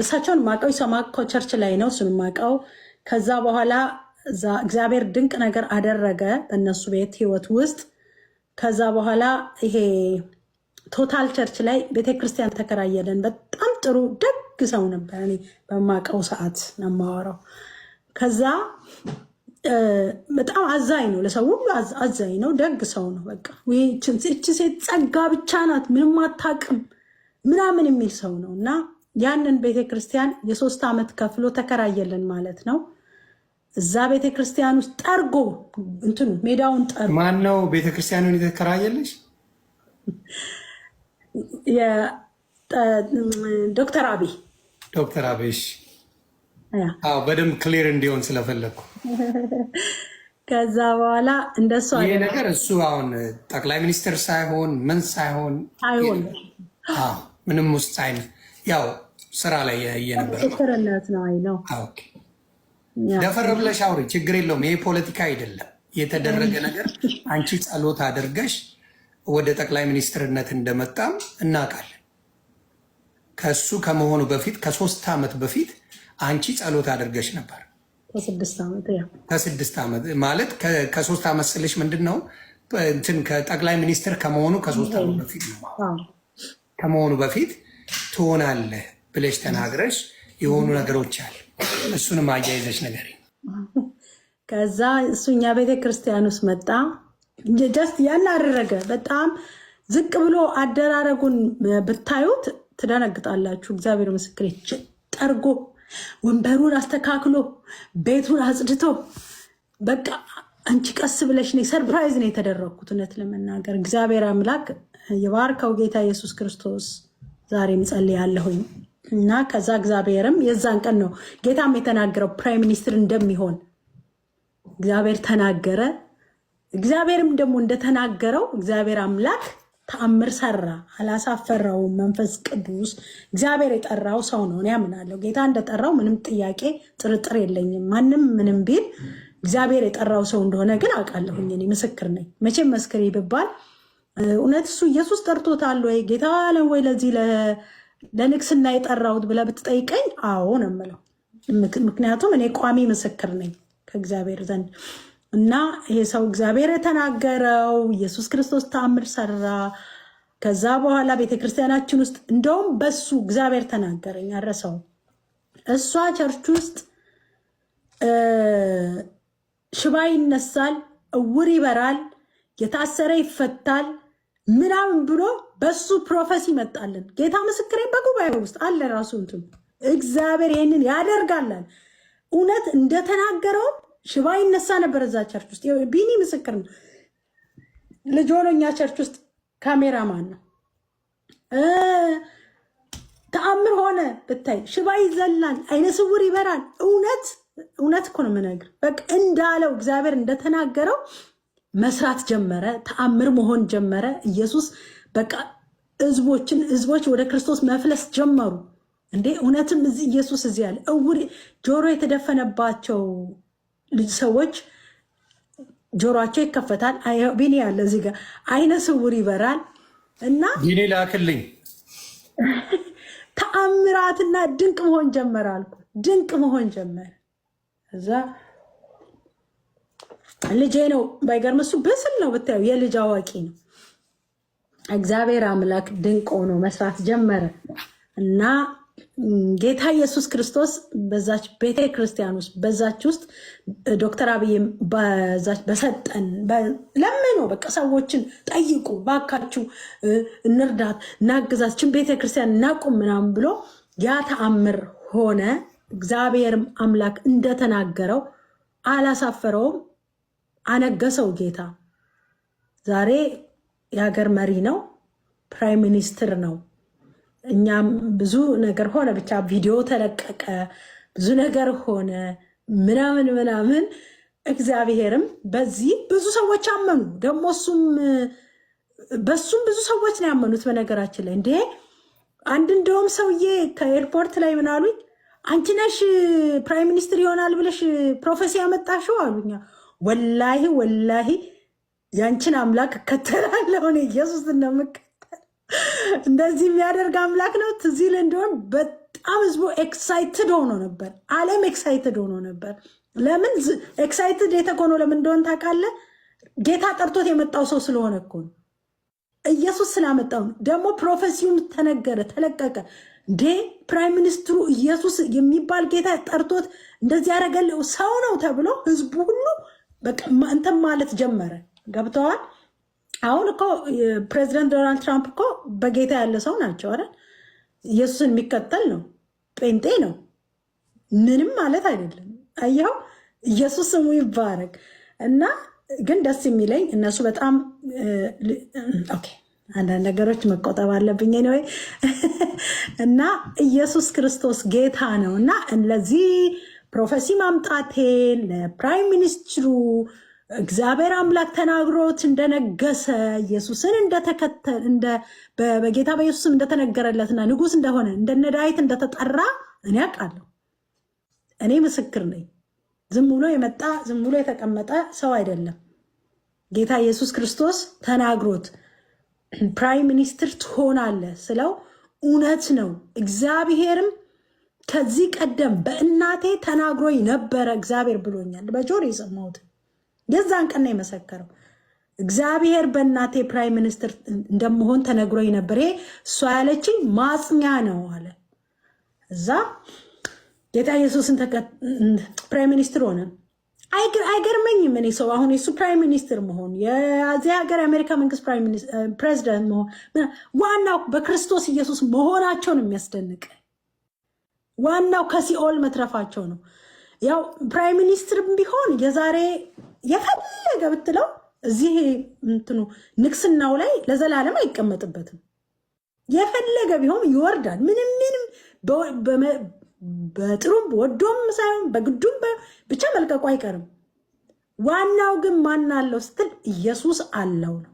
እሳቸውን ማቀው ሰማኮ ቸርች ላይ ነው እሱን ማቀው። ከዛ በኋላ እግዚአብሔር ድንቅ ነገር አደረገ በእነሱ ቤት ህይወት ውስጥ። ከዛ በኋላ ይሄ ቶታል ቸርች ላይ ቤተክርስቲያን ተከራየለን። በጣም ጥሩ ደግ ሰው ነበር። እኔ በማቀው ሰዓት ነው የማወራው። ከዛ በጣም አዛኝ ነው፣ ለሰው አዛኝ ነው፣ ደግ ሰው ነው። በቃ ይህች ሴት ጸጋ ብቻ ናት፣ ምንም አታውቅም ምናምን የሚል ሰው ነው እና ያንን ቤተክርስቲያን የሶስት ዓመት ከፍሎ ተከራየልን ማለት ነው። እዛ ቤተክርስቲያን ውስጥ ጠርጎ እንትኑ ሜዳውን ጠርጎ ማነው ቤተክርስቲያኑን የተከራየልሽ? ዶክተር አብይ ዶክተር አብይ በደንብ ክሊር እንዲሆን ስለፈለግኩ ከዛ በኋላ እንደሱ ይሄ ነገር እሱ አሁን ጠቅላይ ሚኒስትር ሳይሆን ምን ሳይሆን አይሆን ምንም ውስጥ አይነት ያው ስራ ላይ ያየ ነበር። ደፈር ብለሽ አውሪ፣ ችግር የለውም። ይሄ ፖለቲካ አይደለም። የተደረገ ነገር አንቺ ጸሎት አድርገሽ ወደ ጠቅላይ ሚኒስትርነት እንደመጣም እናውቃለን። ከሱ ከመሆኑ በፊት ከሶስት ዓመት በፊት አንቺ ጸሎት አድርገሽ ነበር። ከስድስት ዓመት ማለት ከሶስት ዓመት ስልሽ ምንድን ነው እንትን ከጠቅላይ ሚኒስትር ከመሆኑ ከሶስት ዓመት በፊት ነው ከመሆኑ በፊት ትሆናለህ ብለሽ ተናግረሽ የሆኑ ነገሮች አለ። እሱንም አያይዘሽ ነገር ከዛ እሱ እኛ ቤተ ክርስቲያን ውስጥ መጣ። ጀስት ያን አደረገ። በጣም ዝቅ ብሎ አደራረጉን ብታዩት ትደነግጣላችሁ። እግዚአብሔር ምስክር ጠርጎ ወንበሩን አስተካክሎ ቤቱን አጽድቶ በቃ አንቺ ቀስ ብለሽ ነ ሰርፕራይዝ ነው የተደረግኩት እውነት ለመናገር እግዚአብሔር አምላክ የባርከው ጌታ ኢየሱስ ክርስቶስ ዛሬ ምጸልይ ያለሁኝ እና ከዛ እግዚአብሔርም የዛን ቀን ነው ጌታም የተናገረው ፕራይም ሚኒስትር እንደሚሆን እግዚአብሔር ተናገረ። እግዚአብሔርም ደግሞ እንደተናገረው እግዚአብሔር አምላክ ተአምር ሰራ፣ አላሳፈራውም። መንፈስ ቅዱስ እግዚአብሔር የጠራው ሰው ነው ያምናለሁ። ጌታ እንደጠራው ምንም ጥያቄ ጥርጥር የለኝም። ማንም ምንም ቢል እግዚአብሔር የጠራው ሰው እንደሆነ ግን አውቃለሁኝ። እኔ ምስክር ነኝ። መቼም መስክር ይብባል። እውነት እሱ ኢየሱስ ጠርቶታል ወይ ጌታ ነው ወይ ለዚህ ለንግስና የጠራሁት ብለህ ብትጠይቀኝ አዎ ነው የምለው። ምክንያቱም እኔ ቋሚ ምስክር ነኝ ከእግዚአብሔር ዘንድ እና ይሄ ሰው እግዚአብሔር የተናገረው ኢየሱስ ክርስቶስ ተአምር ሰራ። ከዛ በኋላ ቤተክርስቲያናችን ውስጥ እንደውም በሱ እግዚአብሔር ተናገረኝ አረሰው እሷ ቸርች ውስጥ ሽባ ይነሳል፣ እውር ይበራል፣ የታሰረ ይፈታል ምናምን ብሎ በሱ ፕሮፌስ ይመጣልን። ጌታ ምስክሬን በጉባኤ ውስጥ አለ ራሱ እንትን እግዚአብሔር ይህንን ያደርጋላል። እውነት እንደተናገረውም ሽባ ይነሳ ነበር እዛ ቸርች ውስጥ። ቢኒ ምስክር ነው። ልጅ ሆኖ እኛ ቸርች ውስጥ ካሜራማን ነው። ተአምር ሆነ ብታይ፣ ሽባ ይዘላል፣ አይነ ስውር ይበራል። እውነት እውነት እኮ ነው የምነግርህ። በቃ እንዳለው እግዚአብሔር እንደተናገረው መስራት ጀመረ። ተአምር መሆን ጀመረ። ኢየሱስ በቃ ህዝቦችን ህዝቦች ወደ ክርስቶስ መፍለስ ጀመሩ። እንዴ እውነትም እዚህ ኢየሱስ እዚህ ያለ እውር ጆሮ የተደፈነባቸው ልጅ ሰዎች ጆሮቸው ይከፈታል። ቢኒ ያለ እዚህ ጋር አይነ ስውር ይበራል። እና ቢኒ ላክልኝ ተአምራትና ድንቅ መሆን ጀመረ አልኩ። ድንቅ መሆን ጀመረ። እዛ ልጄ ነው ባይገርም እሱ በስል ነው ብታየው፣ የልጅ አዋቂ ነው። እግዚአብሔር አምላክ ድንቅ ሆኖ መስራት ጀመረ እና ጌታ ኢየሱስ ክርስቶስ በዛች ቤተ ክርስቲያን ውስጥ በዛች ውስጥ ዶክተር አብይም በዛች በሰጠን ለምኑ፣ በቃ ሰዎችን ጠይቁ፣ ባካችሁ እንርዳት፣ እናግዛችን ቤተ ክርስቲያን እናቁም ምናምን ብሎ ያ ተአምር ሆነ። እግዚአብሔርም አምላክ እንደተናገረው አላሳፈረውም፣ አነገሰው። ጌታ ዛሬ የሀገር መሪ ነው፣ ፕራይም ሚኒስትር ነው። እኛም ብዙ ነገር ሆነ፣ ብቻ ቪዲዮ ተለቀቀ፣ ብዙ ነገር ሆነ ምናምን ምናምን። እግዚአብሔርም በዚህ ብዙ ሰዎች አመኑ። ደግሞ እሱም በሱም ብዙ ሰዎች ነው ያመኑት። በነገራችን ላይ እንዴ አንድ እንደውም ሰውዬ ከኤርፖርት ላይ ምናሉኝ አንቺ ነሽ ፕራይም ሚኒስትር ይሆናል ብለሽ ፕሮፌሲ ያመጣሽው አሉኛ። ወላሂ ወላሂ ያንቺን አምላክ እከተላለሁ እኔ ኢየሱስ እንደምከተል እንደዚህ የሚያደርግ አምላክ ነው። ትዝ ይል እንደሆን በጣም ህዝቡ ኤክሳይትድ ሆኖ ነበር። አለም ኤክሳይትድ ሆኖ ነበር። ለምን ኤክሳይትድ የተኮኖ ለምን እንደሆን ታውቃለህ? ጌታ ጠርቶት የመጣው ሰው ስለሆነ እኮ ኢየሱስ ስላመጣው ደግሞ ፕሮፌሲውም ተነገረ፣ ተለቀቀ። እንዴ ፕራይም ሚኒስትሩ ኢየሱስ የሚባል ጌታ ጠርቶት እንደዚህ ያደረገለው ሰው ነው ተብሎ ህዝቡ ሁሉ እንትን ማለት ጀመረ። ገብተዋል። አሁን እኮ ፕሬዚደንት ዶናልድ ትራምፕ እኮ በጌታ ያለ ሰው ናቸው አይደል? ኢየሱስን የሚከተል ነው፣ ጴንጤ ነው። ምንም ማለት አይደለም። አያው ኢየሱስ ስሙ ይባረግ እና ግን ደስ የሚለኝ እነሱ በጣም ኦኬ አንዳንድ ነገሮች መቆጠብ አለብኝ ወይ እና ኢየሱስ ክርስቶስ ጌታ ነው እና ለዚህ ፕሮፌሲ ማምጣቴ ለፕራይም ሚኒስትሩ እግዚአብሔር አምላክ ተናግሮት እንደነገሰ ኢየሱስን እንደተከተል በጌታ በኢየሱስም እንደተነገረለትና ንጉስ እንደሆነ እንደነ ዳዊት እንደተጠራ እኔ አውቃለሁ። እኔ ምስክር ነኝ። ዝም ብሎ የመጣ ዝም ብሎ የተቀመጠ ሰው አይደለም። ጌታ ኢየሱስ ክርስቶስ ተናግሮት ፕራይም ሚኒስትር ትሆናለህ ስለው እውነት ነው፣ እግዚአብሔርም ከዚህ ቀደም በእናቴ ተናግሮ ነበረ እግዚአብሔር ብሎኛል። በጆሮ የሰማሁት የዛን ቀን ነው የመሰከረው። እግዚአብሔር በእናቴ ፕራይም ሚኒስትር እንደመሆን ተነግሮ ነበር። ይሄ እሷ ያለችኝ ማጽኛ ነው አለ። እዛ ጌታ ኢየሱስን ፕራይም ሚኒስትር ሆነ። አይገርመኝም። እኔ ሰው አሁን የሱ ፕራይም ሚኒስትር መሆን የዚህ ሀገር የአሜሪካ መንግስት ፕሬዚደንት መሆን ዋናው በክርስቶስ ኢየሱስ መሆናቸው ነው የሚያስደንቅ። ዋናው ከሲኦል መትረፋቸው ነው። ያው ፕራይም ሚኒስትር ቢሆን የዛሬ የፈለገ ብትለው እዚህ እንትኑ ንግስናው ላይ ለዘላለም አይቀመጥበትም። የፈለገ ቢሆን ይወርዳል። ምንም ምንም በጥሩም ወዶም ሳይሆን በግዱም ብቻ መልቀቁ አይቀርም። ዋናው ግን ማን አለው ስትል ኢየሱስ አለው ነው።